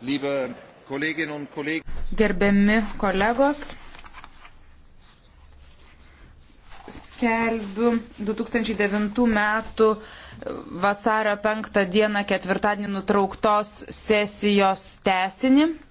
liebe Kolleginnen und Kollegen. Gerbiami kolegos, skelbiu 2009 metų vasario 5 dieną ketvirtadienį nutrauktos sesijos tesinį.